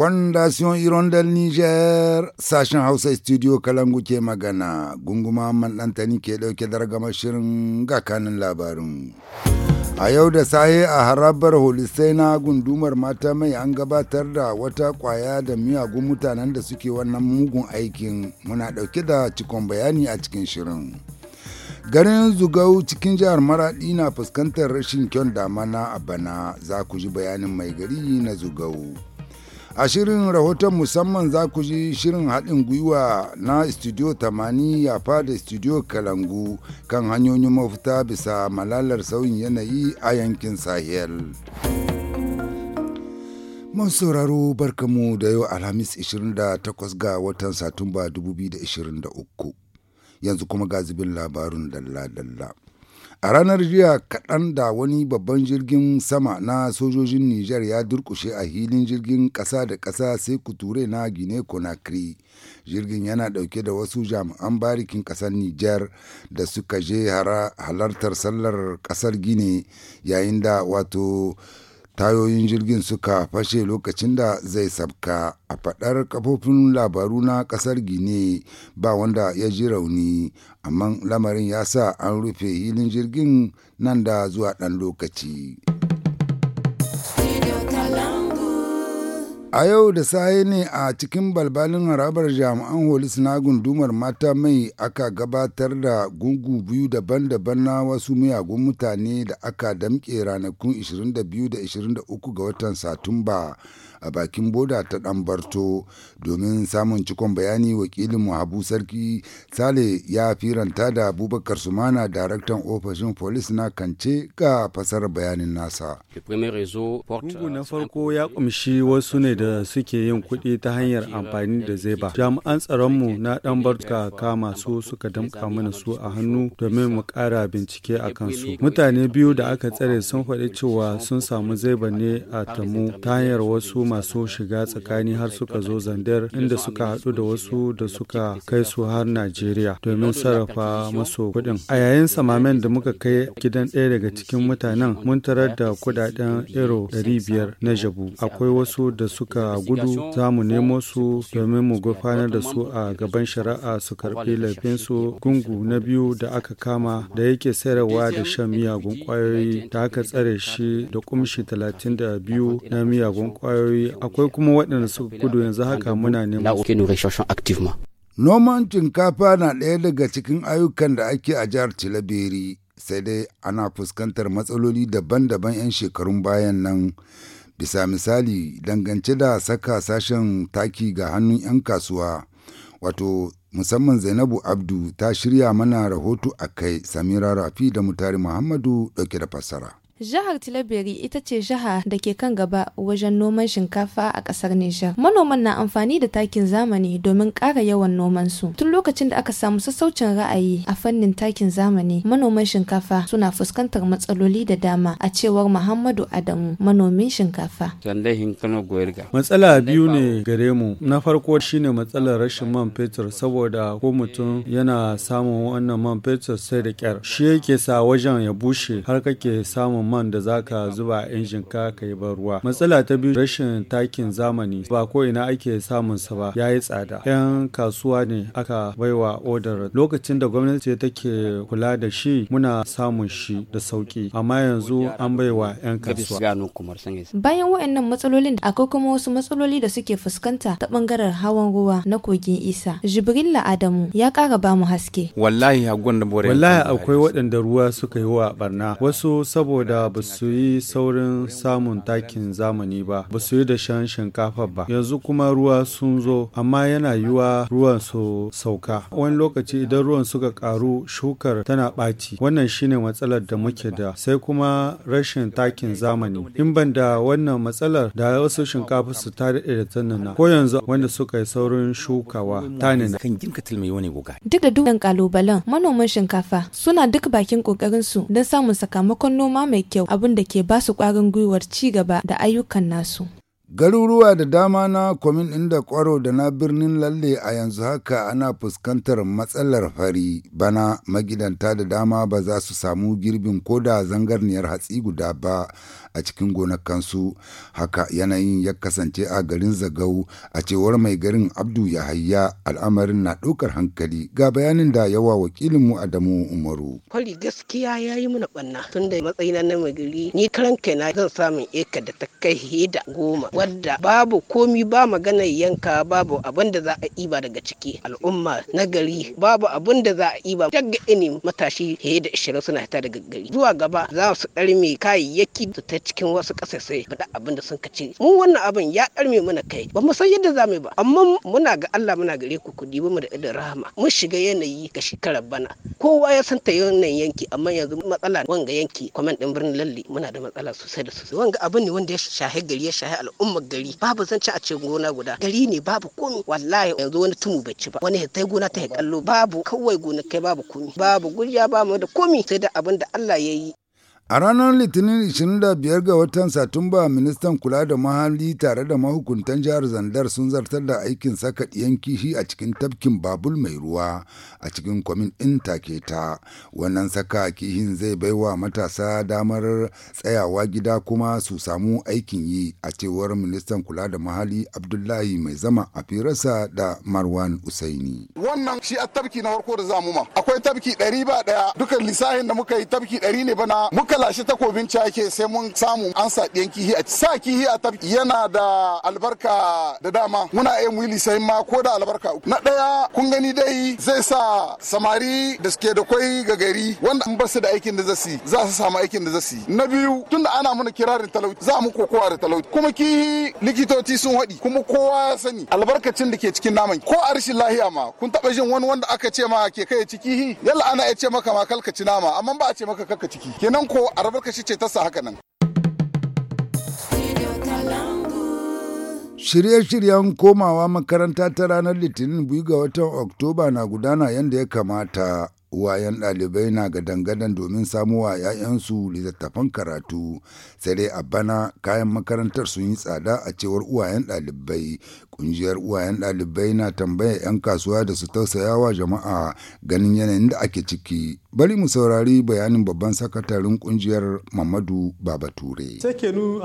Fondation Hirondelle Niger sashen Hausa Studio Kalangu ke magana gunguma man ke ɗauke dargamar shirin ga kanin labarin. A yau da saye a harabar Holisai na gundumar mata mai an gabatar da wata kwaya da miyagun mutanen da suke wannan mugun aikin muna ɗauke da cikon bayani a cikin shirin. garin zugau cikin jihar maradi na fuskantar rashin kyon damana a bana za ku ji bayanin mai gari na zugau a shirin rahoton musamman za ku ji shirin haɗin gwiwa na studio 80 yafa da studio kalangu kan hanyoyin mafita bisa malalar sauyin yanayi a yankin sahel mun sauraro barkamu da yau alhamis 28 ga watan satumba 2023 yanzu kuma ga zubin labarun dalla-dalla A ranar jiya kaɗan da wani babban jirgin sama na sojojin Nijar ya durkushe a hilin jirgin ƙasa da ƙasa sai kuture na Gine Conakry. Jirgin yana ɗauke da wasu jami'an barikin ƙasar Nijar da suka je halartar sallar ƙasar Gine yayin da wato tayoyin jirgin suka fashe lokacin da zai sabka a faɗar kafofin labaru na ƙasar gine ba wanda ya ji rauni amma lamarin ya sa an rufe hilin jirgin nan da zuwa ɗan lokaci. a yau da sahi ne a cikin balbalin harabar jami'an holis na gundumar mata mai aka gabatar da gungu biyu daban-daban na wasu miyagun mutane da aka damƙe ranakun 22 da 23 ga watan satumba a bakin boda ta barto domin samun cikon bayani wakilin habu sarki sale ya firanta da abubakar sumana daraktan ofishin polis na kance ga fasar bayanin nasa bugu na farko ya kumshi wasu ne da suke yin kuɗi ta hanyar amfani da zeba jami'an tsaronmu na ɗanbarka kama su suka damka mana su a hannu domin mu ƙara bincike a kansu mutane biyu da aka tsare sun faɗi cewa sun samu zeba ne a tamu ta hanyar wasu masu shiga tsakani har suka zo zandar inda suka haɗu da wasu da suka kai su har najeriya domin sarrafa masu kuɗin a yayin samamen da muka kai gidan ɗaya daga cikin mutanen mun tarar da kuɗaɗen euro 500 na jabu akwai wasu da suka gudu za mu nemo su domin mu gurfanar da su a gaban shari'a su karɓi laifinsu gungu na biyu da aka kama da yake sayarwa da shan miyagun kwayoyi da aka tsare shi da kumshi biyu na miyagun kwayoyi hanyoyi akwai kuma waɗanda suka kudu yanzu haka muna neman Noman shinkafa na ɗaya daga cikin ayyukan da ake a jihar Tilaberi sai dai ana fuskantar matsaloli daban-daban 'yan shekarun bayan nan. Bisa misali dangance da saka sashen taki ga hannun 'yan kasuwa, wato musamman Zainabu Abdu ta shirya mana rahoto a kai Samira Rafi da Mutari Muhammadu ɗauke da fassara. Jihar Tilaberi ita ce jiha da ke kan gaba wajen noman shinkafa a ƙasar Nijar. Manoman na amfani da takin zamani domin ƙara yawan nomansu. Tun lokacin da aka samu sassaucin ra'ayi a fannin takin zamani, manoman shinkafa suna fuskantar matsaloli da dama a cewar Muhammadu Adamu, manomin shinkafa. Matsala biyu ne gare mu. Na farko shine matsalar rashin man fetur saboda ko mutum yana samun wannan man fetur sai da kyar. Shi yake sa wajen ya bushe har kake samun man da zaka zuba a injin ka yi ban ruwa. Matsala ta biyu rashin takin zamani ba ko ina ake samun sa ba yayi tsada. 'Yan kasuwa ne aka baiwa odar lokacin da gwamnati take kula da shi muna samun shi da sauki amma yanzu an baiwa 'yan kasuwa. Bayan wayannan matsalolin akwai kuma wasu matsaloli da suke fuskanta ta bangaren hawan ruwa na kogin isa jibrilla adamu ya kara ba mu haske wallahi wallahi akwai waɗanda ruwa suka yi wa barna wasu saboda ba su yi saurin samun takin zamani ba ba su yi dashen shinkafa ba yanzu kuma ruwa sun zo amma yana yiwa ruwan su sauka wani lokaci idan ruwan suka karu shukar tana ɓaci wannan shine matsalar da muke da sai kuma rashin takin zamani in ban da wannan matsalar da wasu shinkafa su ta da tanana ko yanzu wanda suka yi saurin shukawa tanana kan duk da dukkan kalubalen manoman shinkafa suna duk bakin kokarin su don samun sakamakon noma mai kyau abin da ke ba su ƙwarin gwiwar ci gaba da ayyukan nasu. Garuruwa da dama na kwamin inda kwaro da na birnin lalle a yanzu haka ana fuskantar matsalar fari bana magidanta da dama ba za su samu girbin koda zangarniyar hatsi guda ba a cikin gonakansu haka yanayin ya kasance a garin zagau a cewar mai garin abdu yahaya al'amarin na ɗaukar hankali ga bayanin da yawa wakilin mu adamu umaru kwali gaskiya ya yi mana banna tun da matsayina na mai gari ni karan kaina zan samun eka da ta kai da goma wadda babu komi ba magana yanka babu abin da za a iba daga ciki al'umma na gari babu abin da za a iba daga ini matashi he da ishirin suna hita daga gari zuwa gaba za su ɗarme kayayyaki su ta cikin wasu kasashe faɗa abin da sun ka mu wannan abin ya karme mana kai ba mu san yadda za mu ba amma muna ga Allah muna gare ku ku dibi mu da idan rahama mun shiga yanayi ga shekarar bana kowa ya san ta wannan yanki amma yanzu matsala wanga yanki kwamen din birnin lalle muna da matsala sosai da sosai wanga abin ne wanda ya shahe gari ya shahe al'ummar gari babu ci a ce gona guda gari ne babu komi wallahi yanzu wani tumu bai ci ba wani hitai gona ta kallo babu kawai gonakai babu komi babu gurya ba mu da komi sai da abin da Allah ya yi A ranar Litinin 25 ga watan Satumba, ministan kula da Mahalli tare da mahukuntan jihar Zandar sun zartar da aikin saka ɗiyan kishi a cikin tafkin babul mai ruwa a cikin kwamin ɗin taketa. Wannan saka kihin zai baiwa matasa damar tsayawa gida kuma su samu aikin yi a cewar ministan kula da Mahalli Abdullahi mai zama a firarsa da Marwan Usaini. Wannan shi a tafki na farko da zamu ma. Akwai tafki ɗari ba ɗaya Dukkan lissahin da muka yi tafki ɗari ne bana muka shi takobin cake sai mun samu an sa ɗiyan kihi a sa kihi a tafki yana da albarka da dama muna yin wili sai ma ko da albarka na ɗaya kun gani dai zai sa samari da suke da kwai ga gari wanda an basu da aikin da zasi za su samu aikin da zasi na biyu tunda ana mana kirarin talauci za mu kokowa da talauci kuma kihi likitoci sun haɗi kuma kowa ya sani albarkacin da ke cikin naman ko a rashin lahiya ma kun taɓa jin wani wanda aka ce ma ke kai ciki yalla ana ya ce maka ma kalkaci nama amma ba a ce maka kalkaci ciki kenan ko shi ce ta sa haka nan. Shirye-shiryen komawa makaranta ta ranar Litinin biyu ga watan Oktoba na gudana yadda ya kamata. uwayen ɗalibai na gadangadan domin samuwa 'ya'yansu littattafan karatu sai dai a bana kayan makarantar sun yi tsada a cewar uwayen ɗalibai ƙungiyar uwayen ɗalibai na tambaya 'yan kasuwa da su tausaya wa jama'a ganin yanayin da ake ciki bari mu saurari bayanin babban sakataren ƙungiyar mamadu babature mu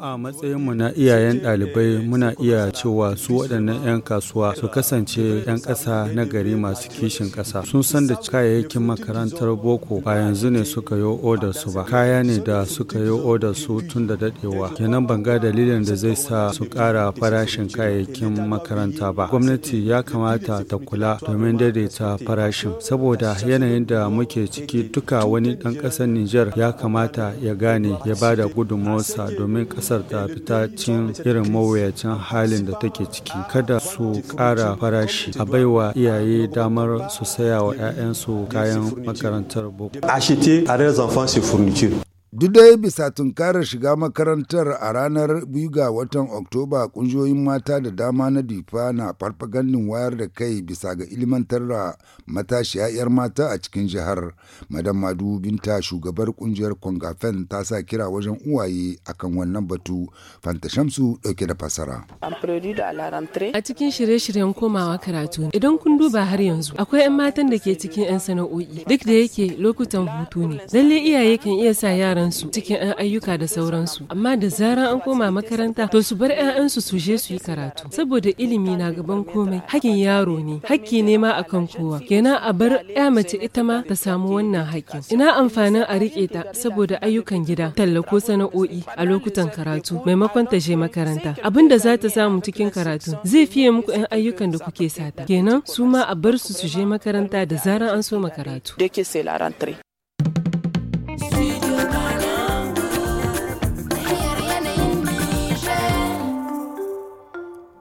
a matsayinmu na iyayen ɗalibai muna iya cewa su waɗannan 'yan kasuwa su kasance 'yan ƙasa na gari masu kishin ƙasa sun san da kayayyakin makarantar boko ba yanzu ne suka yi odar su ba kaya ne da suka yi odar su tun da dadewa kenan ban ga dalilin da zai sa su kara farashin kayayyakin makaranta ba gwamnati ya kamata ta kula domin daidaita farashin saboda yanayin da muke ciki duka wani dan kasar Nijar ya kamata ya gane ya ba da gudunmawarsa domin kasar ta fita cikin irin mawuyacin halin da take ciki kada su kara farashi a baiwa iyaye damar su saya wa 'ya'yansu su kayan makarantar boko. Acheter à leurs enfants ces fournitures. Duk dai bisa tunkarar shiga makarantar a ranar biyu ga watan Oktoba kungiyoyin mata da dama na difa na farfagandun wayar da kai bisa ga ilimantar da matashiya 'yar mata a cikin jihar. madan Madu Binta shugabar kungiyar Kwangafen ta sa kira wajen uwaye akan wannan batu Fanta Shamsu dauke da fasara. A cikin shirye-shiryen komawa karatu idan kun duba har yanzu akwai 'yan matan da ke cikin 'yan sana'o'i duk da yake lokutan hutu ne. lallai iyaye kan iya sa yaran su cikin 'yan ayyuka da sauransu amma da zaran an koma makaranta to su bar 'ya'yansu su je su yi karatu saboda ilimi na gaban komai hakin yaro ne hakki ne ma akan kowa kenan a bar 'ya mace ita ma ta samu wannan hakkin ina amfanin a riƙe ta saboda ayyukan gida tallako sana'o'i a lokutan karatu maimakon ta je makaranta abin da za ta samu cikin karatu zai fiye muku 'yan ayyukan da kuke sata kenan su ma a bar su su je makaranta da zaran an so makaratu.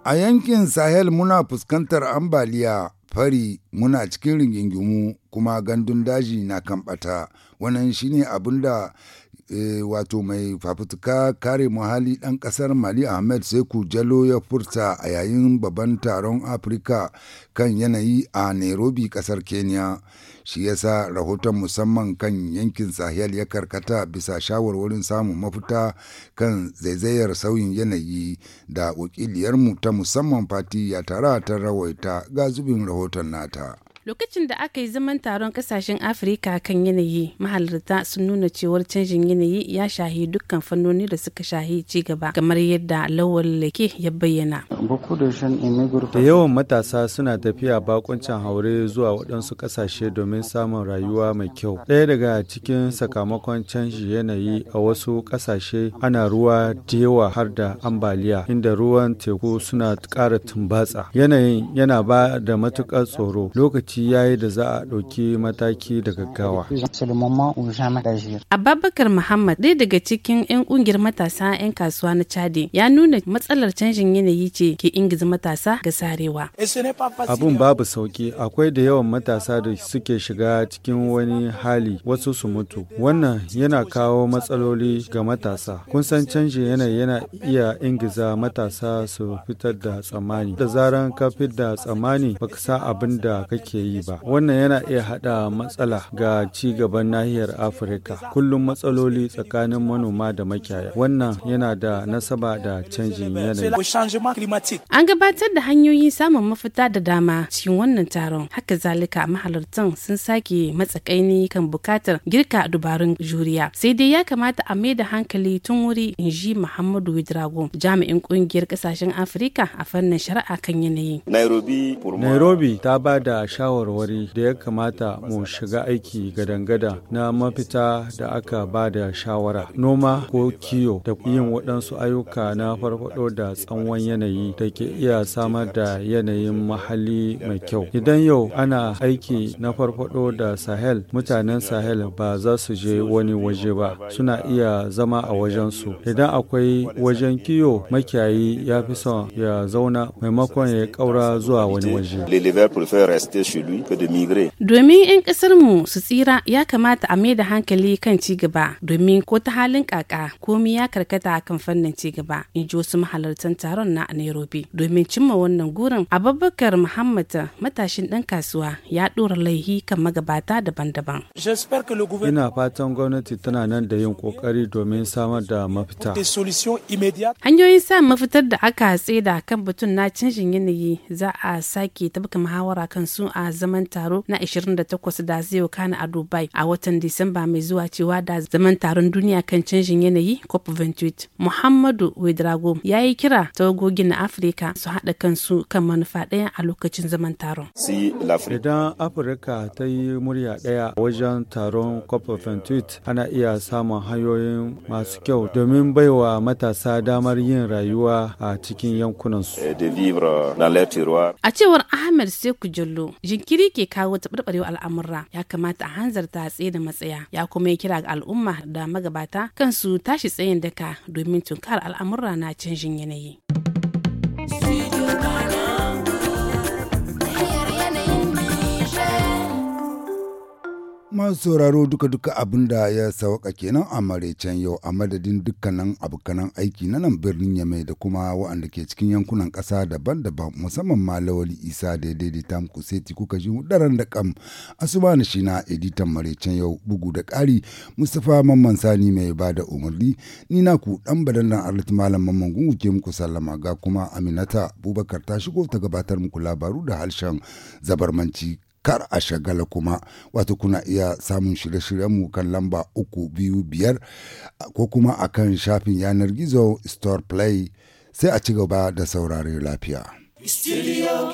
A yankin Sahel muna fuskantar ambaliya fari muna cikin rigingimu kuma gandun daji na kan wannan shine abin da Eh, wato mai fafutuka kare muhalli ɗan ƙasar mali ahmed seku jalo ya furta a yayin babban taron afirka kan yanayi a nairobi ƙasar kenya shi yasa rahoton musamman kan yankin sahel ya karkata bisa shawarwarin samun mafita kan zaizayar sauyin yanayi da wakiliyarmu ta musamman fati ya tara ta rawaita ga zubin rahoton nata lokacin da aka yi zaman taron kasashen afirka kan yanayi mahalarta sun nuna cewar canjin yanayi ya shahi dukkan fannoni da suka shahi ci gaba kamar yadda lawal lake ya bayyana da yawan matasa suna tafiya bakuncin haure zuwa waɗansu ƙasashe domin samun rayuwa mai kyau ɗaya daga cikin sakamakon canji yanayi a wasu ƙasashe ana ruwa da yawa har da ambaliya inda ruwan teku suna ƙara tumbatsa yanayin yana ba da matukar tsoro lokaci lokaci ya yi da za a ɗauki mataki da gaggawa. Ababakar Muhammad ɗaya daga cikin 'yan ƙungiyar matasa 'yan kasuwa na Chade ya nuna matsalar canjin yanayi ce ke ingiza matasa ga sarewa. Abun babu sauki akwai da yawan matasa da suke shiga cikin wani hali wasu su mutu. Wannan yana kawo matsaloli ga matasa. Kun san canjin yanayi yana iya ingiza matasa su fitar da tsammani. Da zaran ka fitar da tsammani baka sa abin da kake yi ba wannan yana iya hada matsala ga ci gaban nahiyar afirka kullum matsaloli tsakanin manoma da makiyaya wannan yana da nasaba da canjin yanayi an gabatar da hanyoyin samun mafita da dama cikin wannan taron haka zalika mahalartan sun sake matsakaini kan bukatar girka dubarun juriya sai dai ya kamata a mai da hankali tun wuri in ji muhammadu wadrago jami'in kungiyar kasashen afirka a fannin shari'a kan yanayi nairobi ta ba da shawarwari da ya kamata mu shiga aiki gadangada na mafita da aka ba da shawara noma ko kiyo da yin waɗansu ayyuka na farfaɗo da tsawon yanayi da ke iya samar da yanayin mahalli mai kyau idan yau ana aiki na farfaɗo da sahel mutanen sahel ba za su je wani waje ba suna iya zama a wajensu idan akwai wajen kiyo makiyayi ya fi son ya zauna maimakon ya kaura zuwa wani waje lui que de migrer. Domin 'yan mu su tsira ya kamata a mai hankali kan ci gaba domin ko ta halin kaka komi ya karkata kan fannin ci gaba in ji wasu mahalartan taron na Nairobi domin cimma wannan gurin Abubakar Muhammad matashin dan kasuwa ya ɗora laihi kan magabata daban-daban. Ina fatan gwamnati tana nan da yin ƙoƙari domin samar da mafita. Hanyoyin sa mafitar da aka hatse da kan batun na canjin yanayi za a sake tabbaka muhawara kan su a a zaman taro na 28 da zai kana a Dubai a watan Disamba mai zuwa cewa da zaman taron duniya kan canjin yanayi COP28. Muhammadu Wedrago ya yi kira tawagogin na Afirka su haɗa kansu kan manufa ɗaya a lokacin zaman taron. Idan Afirka ta yi murya ɗaya wajen taron COP28 ana iya samun hanyoyin masu kyau domin baiwa matasa damar yin rayuwa a cikin yankunansu. A cewar Ahmed Seku Jallo, jinkiri ke kawo taɓarɓarewar al'amurra ya kamata a hanzarta tsaye da matsaya ya kuma yi kira ga al'umma da magabata kansu tashi tsayin daka domin tunkar al'amurra na canjin yanayi masu sauraro duka-duka abin da ya sauka kenan a maraicen yau a madadin dukkanin abokanan aiki na nan birnin yamai da kuma waɗanda ke cikin yankunan ƙasa daban-daban musamman ma lawali isa da ya ta muku seti kuka ji daren da kam asubani shi na editan maraicen yau bugu da ƙari mustapha mamman sani mai ba da umarni ni na ku ɗan badan dan arlit malam mamman gungu ke muku sallama ga kuma aminata abubakar ta shigo ta gabatar muku labaru da harshen zabarmanci kar a shagala kuma wato kuna iya samun shirye-shiryenmu kan lamba uku biyu biyar ko kuma a kan shafin yanar gizo store play sai a ci gaba da saurare lafiya. Studio